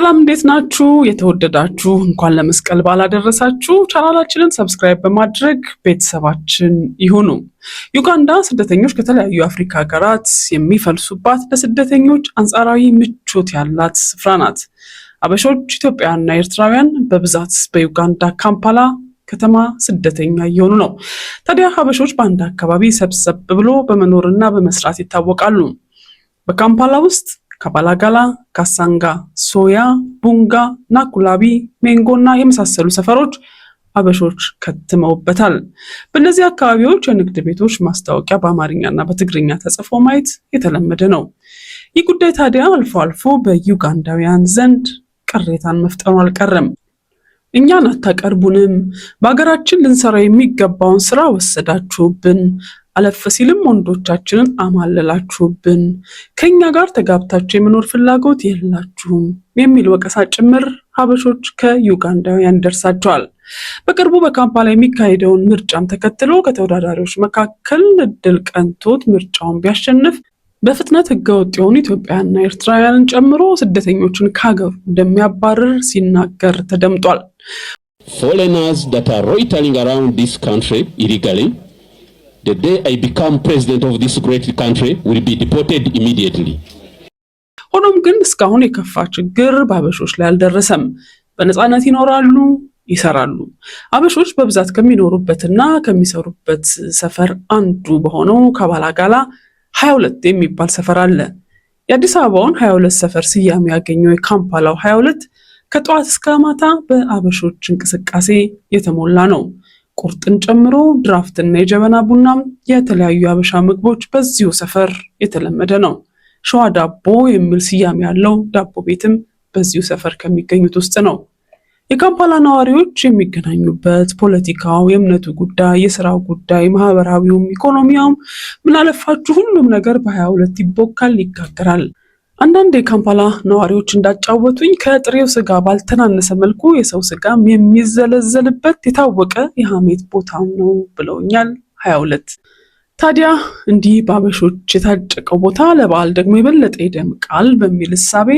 ሰላም እንዴት ናችሁ? የተወደዳችሁ እንኳን ለመስቀል በዓል አደረሳችሁ። ቻናላችንን ሰብስክራይብ በማድረግ ቤተሰባችን ይሁኑ። ዩጋንዳ ስደተኞች ከተለያዩ የአፍሪካ ሀገራት የሚፈልሱባት ለስደተኞች አንጻራዊ ምቾት ያላት ስፍራ ናት። አበሾች፣ ኢትዮጵያውያንና ኤርትራውያን በብዛት በዩጋንዳ ካምፓላ ከተማ ስደተኛ እየሆኑ ነው። ታዲያ ሀበሾች በአንድ አካባቢ ሰብሰብ ብሎ በመኖርና በመስራት ይታወቃሉ። በካምፓላ ውስጥ ከባላጋላ፣ ካሳንጋ፣ ሶያ፣ ቡንጋ፣ ናኩላቢ፣ ሜንጎ እና የመሳሰሉ ሰፈሮች አበሾች ከትመውበታል። በእነዚህ አካባቢዎች የንግድ ቤቶች ማስታወቂያ በአማርኛና በትግርኛ ተጽፎ ማየት የተለመደ ነው። ይህ ጉዳይ ታዲያ አልፎ አልፎ በዩጋንዳውያን ዘንድ ቅሬታን መፍጠሩ አልቀረም። እኛን አታቀርቡንም። በሀገራችን ልንሰራ የሚገባውን ስራ ወሰዳችሁብን። አለፈ ሲልም ወንዶቻችንን አማለላችሁብን። ከእኛ ጋር ተጋብታችሁ የመኖር ፍላጎት የላችሁም የሚል ወቀሳ ጭምር ሀበሾች ከዩጋንዳውያን ደርሳቸዋል። በቅርቡ በካምፓላ የሚካሄደውን ምርጫም ተከትሎ ከተወዳዳሪዎች መካከል እድል ቀንቶት ምርጫውን ቢያሸንፍ በፍጥነት ህገወጥ የሆኑ ኢትዮጵያውያንና ኤርትራውያንን ጨምሮ ስደተኞችን ከሀገሩ እንደሚያባርር ሲናገር ተደምጧል። foreigners that are loitering around this country illegally the day I become president of this great country will be deported immediately ሆኖም ግን እስካሁን የከፋ ችግር በአበሾች ላይ አልደረሰም። በነፃነት ይኖራሉ፣ ይሰራሉ። አበሾች በብዛት ከሚኖሩበትና ከሚሰሩበት ሰፈር አንዱ በሆነው ከባላጋላ 22 የሚባል ሰፈር አለ። የአዲስ አበባውን 22 ሰፈር ስያሜ ያገኘው የካምፓላው 22 ከጠዋት እስከ ማታ በአበሾች እንቅስቃሴ የተሞላ ነው። ቁርጥን ጨምሮ ድራፍትና የጀበና ቡናም የተለያዩ የአበሻ ምግቦች በዚሁ ሰፈር የተለመደ ነው። ሸዋ ዳቦ የሚል ስያሜ ያለው ዳቦ ቤትም በዚሁ ሰፈር ከሚገኙት ውስጥ ነው። የካምፓላ ነዋሪዎች የሚገናኙበት ፖለቲካው፣ የእምነቱ ጉዳይ፣ የስራው ጉዳይ፣ ማህበራዊውም፣ ኢኮኖሚያውም ምናለፋችሁ ሁሉም ነገር በሀያ ሁለት ይቦካል፣ ይጋገራል። አንዳንድ የካምፓላ ነዋሪዎች እንዳጫወቱኝ ከጥሬው ስጋ ባልተናነሰ መልኩ የሰው ስጋም የሚዘለዘልበት የታወቀ የሀሜት ቦታም ነው ብለውኛል። ሀያ ሁለት ታዲያ እንዲህ በአበሾች የታጨቀው ቦታ ለበዓል ደግሞ የበለጠ ይደምቃል በሚል እሳቤ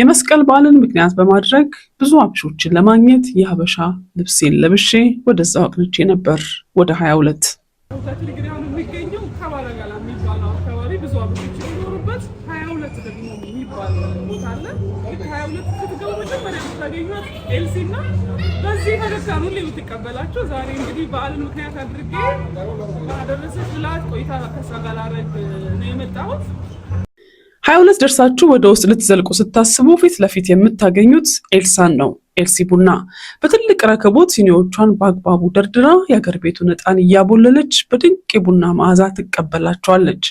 የመስቀል በዓልን ምክንያት በማድረግ ብዙ አብሾችን ለማግኘት የሀበሻ ልብሴን ለብሼ ወደዛ አቅንቼ ነበር። ወደ ሀያ ሁለት በዚህ ፈገግታ የምትቀበላቸው ዛሬ እንግዲህ በዓልን ምክንያት አድርጌ ብላት ቆይታ ከእሷ ጋር ላረግ ነው የመጣሁት። ሀያ ሁለት ደርሳችሁ ወደ ውስጥ ልትዘልቁ ስታስቡ ፊት ለፊት የምታገኙት ኤልሳን ነው። ኤልሲ ቡና በትልቅ ረከቦት ሲኒዎቿን በአግባቡ ደርድራ የአገር ቤቱን ዕጣን እያቦለለች በድንቅ የቡና መዓዛ ትቀበላቸዋለች።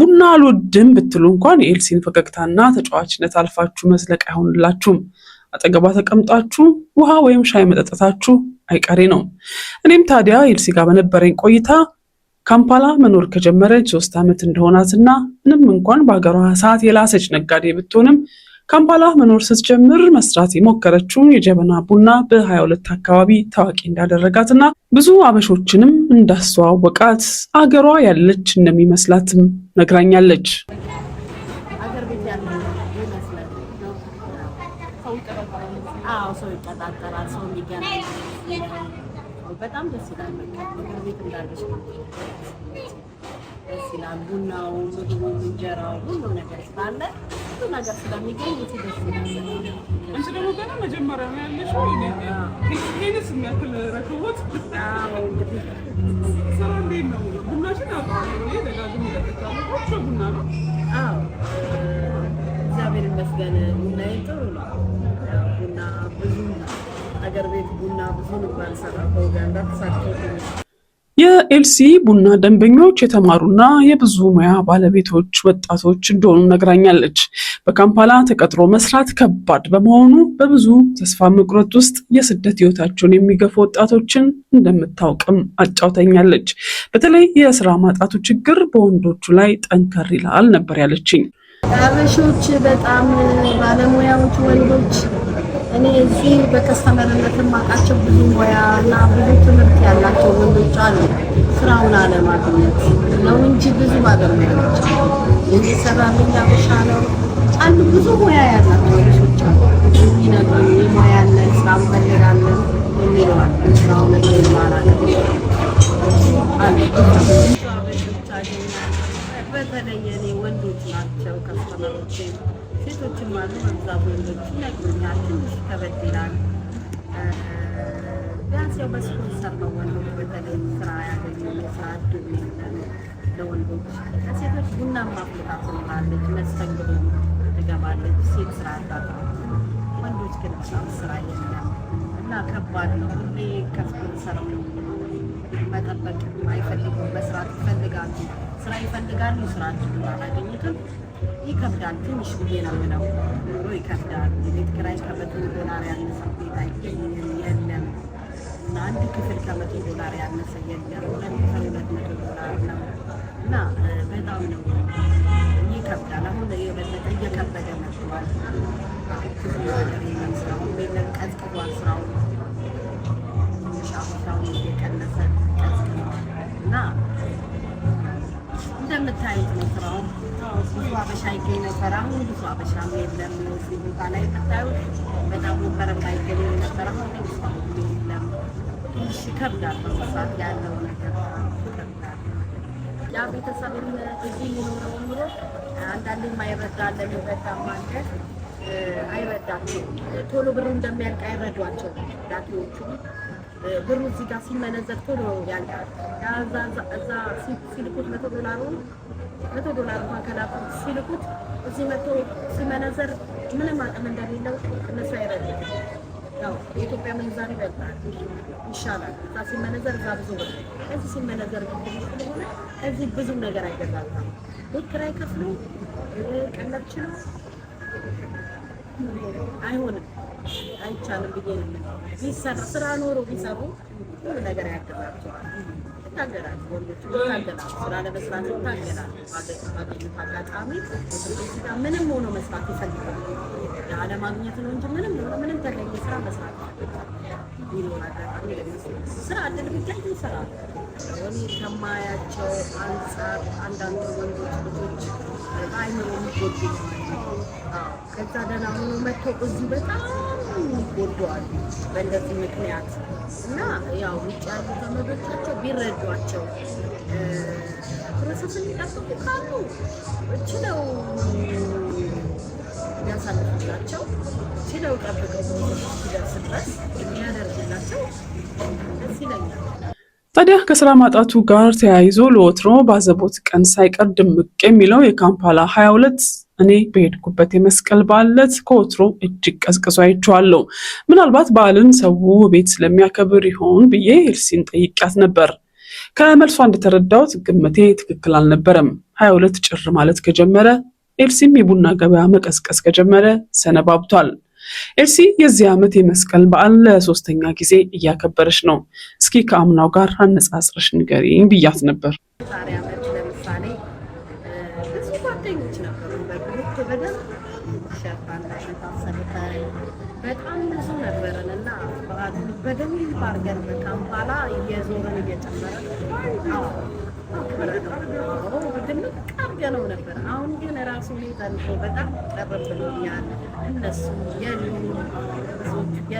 ቡና አልወድም ብትሉ እንኳን የኤልሲን ፈገግታና ተጫዋችነት አልፋችሁ መዝለቅ አይሆንላችሁም። አጠገቧ ተቀምጣችሁ ውሃ ወይም ሻይ መጠጠታችሁ አይቀሬ ነው። እኔም ታዲያ ኤልሲ ጋር በነበረኝ ቆይታ ካምፓላ መኖር ከጀመረች ሶስት ዓመት እንደሆናትና ምንም እንኳን በሀገሯ ሰዓት የላሰች ነጋዴ ብትሆንም ካምፓላ መኖር ስትጀምር መስራት የሞከረችውን የጀበና ቡና በ22 አካባቢ ታዋቂ እንዳደረጋትና ብዙ አበሾችንም እንዳስተዋወቃት አገሯ ያለች እንደሚመስላትም ነግራኛለች። ቡናው፣ ምግቡ፣ እንጀራው ሁሉ ነገር ስላለ ሁሉ ነገር ስለሚገኝ እቲ ደስ ይላል። አንቺ ደግሞ ገና መጀመሪያ ነው ያለሽው። ይሄንስ የሚያክል ረክቦት ስራ እንዴት ነው? ቡናሽን አውቀዋለሁ ደጋግሞ ቡና ነው። እግዚአብሔር ይመስገን ቡናዬ ጥሩ ነው። ቡና ብዙ ሀገር ቤት ቡና ብዙ ባልሰራ በኡጋንዳ ተሳክቶ የኤልሲ ቡና ደንበኞች የተማሩና የብዙ ሙያ ባለቤቶች ወጣቶች እንደሆኑ ነግራኛለች። በካምፓላ ተቀጥሮ መስራት ከባድ በመሆኑ በብዙ ተስፋ መቁረጥ ውስጥ የስደት ሕይወታቸውን የሚገፉ ወጣቶችን እንደምታውቅም አጫውተኛለች። በተለይ የስራ ማጣቱ ችግር በወንዶቹ ላይ ጠንከር ይላል ነበር ያለችኝ። አበሾች በጣም ባለሙያዎች ወንዶች እኔ እዚህ በከስተመርነት የማውቃቸው ብዙ ሙያ እና ብዙ ትምህርት ያላቸው ወንዶች አሉ። ስራውን አለማግኘት ነው እንጂ ብዙ ባለሙያዎች የሚሰራልኝ አበሻ ነው አሉ። ብዙ ሙያ ያላቸው ወንዶች አሉ። ይነግሩኝ ሙያ ያለን ስራ እንፈልጋለን የሚለዋል ስራውን ይማራል አሉ። በተለየ እኔ ወንዶች ናቸው ከስተመሮች ሴቶችም አሉ በብዛት ወንዶች ይነግሩኛል። ትንሽ ከበድ ይላል። ቢያንስ ያው በስፖርት ሰርተው ወንዶች በተለይ ስራ ያገኘ ስራ እድል የለም ለወንዶች። ለሴቶች ቡናማ ፍሎታ ትኖራለች፣ መስተንግዶ ትገባለች፣ ሴት ስራ አጣጣ። ወንዶች ግን በጣም ስራ የለም እና ከባድ ነው። ሁሌ ከስፖርት መጠበቅ አይፈልጉም። መስራት ይፈልጋሉ፣ ስራ ይፈልጋሉ። ስራቸውን አላገኙትም። ይከብዳል። ትንሽ ብዬ ነው ምለው ኑሮ ይከብዳል። የቤት ኪራይ ከመቶ ዶላር ያነሰ ቤት አይገኝም የለም። እና አንድ ክፍል ከመቶ ዶላር ያነሰ የለም። ሁለት መቶ ዶላር ነው እና በጣም ነው ይከብዳል። አሁን የበለጠ እየከበደ መጥቷል። ክፍል የለም። ስራውን ቤለን ቀዝቅቧል። ስራውን ስራውን እየቀነሰ ቀዝቅቧል እና እንደምታዩት ነው ስራው። ብዙ አበሻ ይገኝ ነበር። አሁን ብዙ አበሻ የለም። እዚህ ቦታ ላይ ብታዩት በጣም ነበረ ማይገኝ ነበር። አሁን ብዙ የለም። ትንሽ ይከብዳል። በመሳት ያለው ነገር ያ ቤተሰብም እዚህ የሚኖረው ኑሮ አንዳንዴ ማይረዳል ለሚረዳ ማለት አይረዳቸው ቶሎ ብር እንደሚያልቅ አይረዷቸው ዳቴዎቹ ብሩ እዚህ ጋር ሲመነዘር ቶሎ ያልቃል። እዛ ሲልኩት መቶ ዶላሩ መቶ ዶላር እንኳን ከላኩት ሲልኩት እዚህ መቶ ሲመነዘር ምንም አቅም እንደሌለው እነሱ አይረዱም። ያው የኢትዮጵያ ምንዛሪ ይበልጣል ይሻላል። እዛ ሲመነዘር እዛ ብዙ ብር፣ እዚህ ሲመነዘር ስለሆነ እዚህ ብዙ ነገር አይገዛም። ቤት ኪራይ ከፍሎ ቀለብ ችሎ አይሆንም። አይቻልም ብዬ ቢሰራ ስራ ኖሮ ቢሰሩ ሁሉ ነገር ያደርጋቸዋል። ይታገላሉ፣ ወንዶች ይታገላሉ፣ ስራ ለመስራት ይታገላሉ። ባገኙት አጋጣሚ ጋር ምንም ሆኖ መስራት ይፈልጋሉ። ለአለማግኘት ነው እንጂ ምንም ሆኖ ምንም ተገኘ ስራ መስራት ስራ እድል ቢገኝ ይሰራሉ። እኔ ከማያቸው አንጻር አንዳንድ ወንዶች ልጆች አይምሮ የሚጎዱ ከዛ ደህና ሆኖ መጥተው እዚሁ በጣም ጎድተዋል በእንደዚህ ምክንያት እና ያው ውጭ ያሉ ዘመዶቻቸው ቢረዷቸው ፕሮሰስ የሚጠብቁ ካሉ ችለው ያሳልፍላቸው ችለው ጠብቀው ሲደርስበት የሚያደርግላቸው ደስ ይለኛል። ታዲያ ከስራ ማጣቱ ጋር ተያይዞ ለወትሮ ባዘቦት ቀን ሳይቀር ድምቅ የሚለው የካምፓላ 22 እኔ በሄድኩበት የመስቀል ባለት ከወትሮ እጅግ ቀዝቅዞ አይቼዋለሁ። ምናልባት በዓልን ሰው ቤት ስለሚያከብር ይሆን ብዬ ኤልሲን ጠይቂያት ነበር። ከመልሷ እንደተረዳሁት ግምቴ ትክክል አልነበረም። 22 ጭር ማለት ከጀመረ ኤልሲም የቡና ገበያ መቀዝቀዝ ከጀመረ ሰነባብቷል። ኤልሲ የዚህ ዓመት የመስቀል በዓል ለሶስተኛ ጊዜ እያከበረች ነው። እስኪ ከአምናው ጋር አነጻጽረሽ ንገሪኝ ብያት ነበር። በደንብ አድርገን በካምፓላ እየዞረን ድምቅ አድርገነው ነበር። አሁን ግን ራሱ ሁኔታ በጣም ቀረብሎኛል። እነሱ የሉ ሰዎች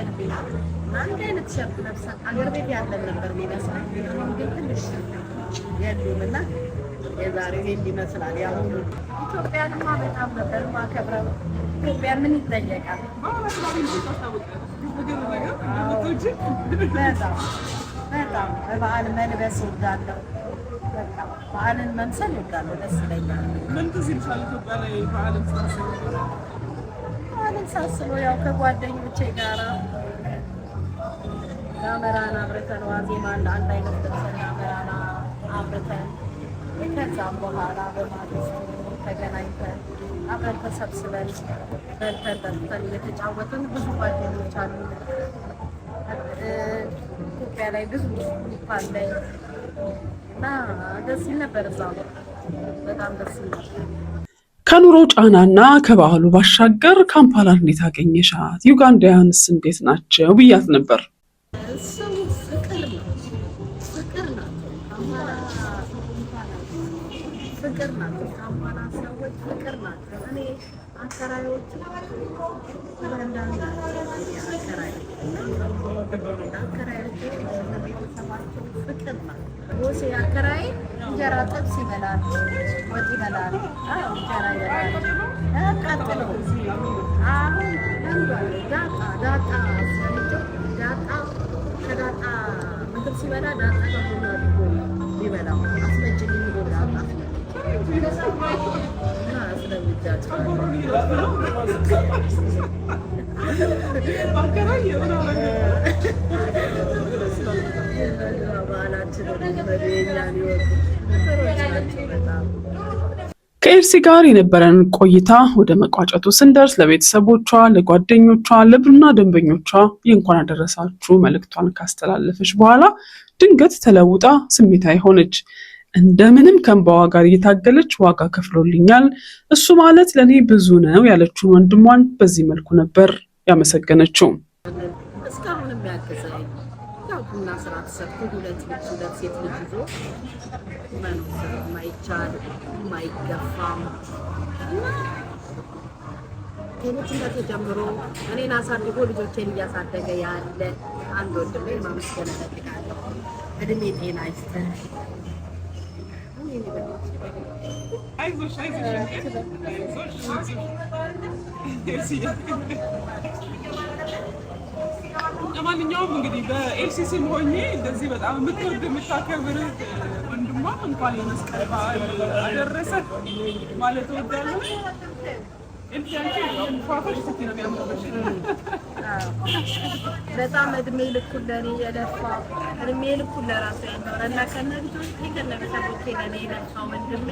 አንድ አይነት ሸርት ለብሰን አገር ቤት ያለን ነበር የሚመስለው፣ ግን ትንሽ የሉም እና የዛሬው ይሄን ይመስላል። ያሁኑ ኢትዮጵያንማ በጣም ነበር ማከብረው። ኢትዮጵያ ምን ይጠየቃል? በጣም በጣም በበዓል መልበስ ወዳለው በዓልን መምሰል ወዳለው ደስ ይለኛል። ምን ጊዜ ኢትዮጵያ ላይ በዓልን ተመሳስሎ ያው ከጓደኞቼ ጋራ ዳመራን አብርተን ዋዜማ አንድ አይነት ደርሰን ዳመራን አብርተን ከዛም በኋላ በማግስቱ ተገናኝተን አብረን ተሰብስበን በልተን ጠጥተን እየተጫወትን ብዙ ጓደኞች አሉ። ኢትዮጵያ ላይ ብዙ ይባላይ እና ደስ ይል ነበር። እዛ በጣም ደስ ይል ነበር። ከኑሮ ጫናና ከባህሉ ባሻገር ካምፓላ እንዴት አገኘሻት? ዩጋንዳውያንስ እንዴት ናቸው ብያት ነበር። ፍቅር ናት። ሳባና ሰዎች ፍቅር ናት። እኔ አከራዮች ቤተሰባቸው ፍቅር ናት። ወሴ አከራይ እንጀራ ጥብስ ይበላል፣ ወጥ ይበላል፣ እንጀራ ይበላል። ቀጥሎ አሁን ዳጣ ዳጣ ዳጣ ከዳጣ ምግብ ሲበላ ዳጣ ከኤርሲ ጋር የነበረን ቆይታ ወደ መቋጨቱ ስንደርስ ለቤተሰቦቿ፣ ለጓደኞቿ፣ ለቡና ደንበኞቿ የእንኳን አደረሳችሁ መልእክቷን ካስተላለፈች በኋላ ድንገት ተለውጣ ስሜታዊ ሆነች። እንደምንም ከእንባዋ ጋር እየታገለች ዋጋ ከፍሎልኛል፣ እሱ ማለት ለእኔ ብዙ ነው ያለችውን ወንድሟን በዚህ መልኩ ነበር ያመሰገነችው። እስካሁንም ያገዛኝ ያው ቡና ስራ ተሰርቶ ሁለት ልጅ ሁለት ሴት ልጅ ይዞ መኖር ከልጅነት ጀምሮ እኔን አሳድጎ ልጆቼን እያሳደገ ያለ አንድ ማመስገን እፈልጋለሁ። እድሜ ጤና አይዞሽ አይዞሽ ለማንኛውም እንግዲህ በኤልሲሲ ሆኜ እንደዚህ በጣም የምትወድ የምታከብር ወንድሟ እንኳን የመስቀል በዓል አደረሰ ማለት እወዳለሁ። በጣም እድሜ ልኩን ለእኔ የለፋ እድሜ ልኩን ለራሱ ያኖረ እና ከነ ልጆቼ ከነ ቤተሰቦቼ ለእኔ የለፋ ወንድሜ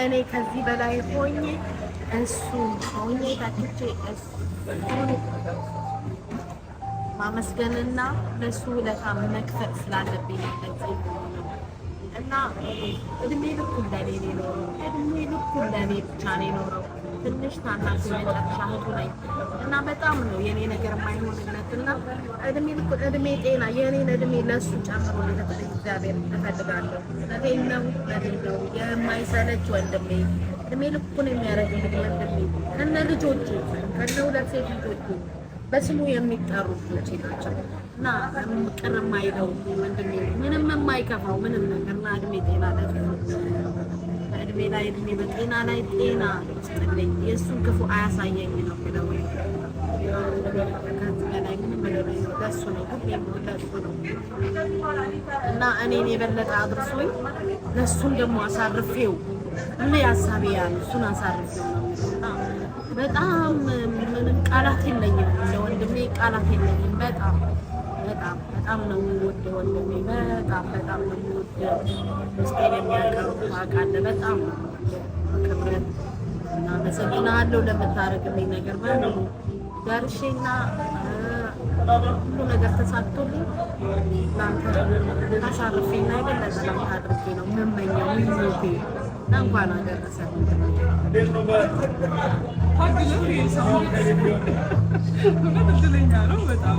እኔ ከዚህ በላይ ሆኜ እሱ ሆኜ ታክቼ እሱን ማመስገንና ለእሱ ውለታ መክፈል ስላለብኝ ከዚህ እና እድሜ ልኩ ለኔ ነው። እድሜ ልኩ ለኔ ብቻ ነው የኖረው። ትንሽ ታናሽ የመጨረሻ እህቱ ነኝ እና በጣም ነው የኔ ነገር የማይሆንለት እና እድሜ እድሜ ጤና የኔን እድሜ ለእሱ ጨምሮ ሊሰጠኝ እግዚአብሔር እፈልጋለሁ። እውነቴን ነው እውነቴን ነው። የማይሰለች ወንድሜ እድሜ ልኩን የሚያደርግልኝ ወንድሜ ከነ ልጆቹ ከነ ሁለት ሴት ልጆቹ በስሙ የሚጠሩ ልጆች ናቸው እና ቅር የማይለው ወንድሜ ምንም የማይከፋው ምንም ነገር እና እድሜ ጤና ለእሱ በዕድሜ ላይ እድሜ፣ በጤና ላይ ጤና ስጥልኝ። የእሱን ክፉ አያሳየኝ ነው የሚለው ደሱ ነው እና እኔን የበለጠ አድርሶኝ ለእሱን ደግሞ አሳርፌው ሁሌ ሀሳቤ ያሉ እሱን አሳርፌው በጣም ምንም ቃላት የለኝም፣ ለወንድሜ ቃላት የለኝም በጣም በጣም በጣም ነው የምወደው ወንድሜ፣ በጣም በጣም ነው የምወደው። ውስጤን የሚያቀርቡ ታውቃለህ፣ በጣም ክብረት እና አመሰግናለሁ ለምታደርግልኝ ነገር በሙሉ ደርሼና ሁሉ ነገር ተሳክቶልኝ ለአንተ የበለጠ ለአንተ ነው የምመኘው ምኞቴ እንኳን አደረሰ ነው በጣም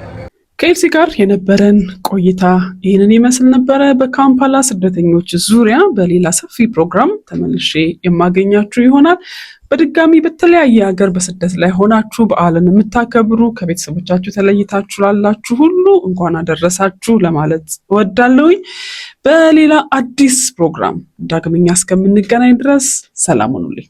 ከኤልሲ ጋር የነበረን ቆይታ ይህንን ይመስል ነበረ። በካምፓላ ስደተኞች ዙሪያ በሌላ ሰፊ ፕሮግራም ተመልሼ የማገኛችሁ ይሆናል። በድጋሚ በተለያየ ሀገር በስደት ላይ ሆናችሁ በዓልን የምታከብሩ ከቤተሰቦቻችሁ ተለይታችሁ ላላችሁ ሁሉ እንኳን አደረሳችሁ ለማለት እወዳለሁኝ። በሌላ አዲስ ፕሮግራም ዳግመኛ እስከምንገናኝ ድረስ ሰላም ሁኑልኝ።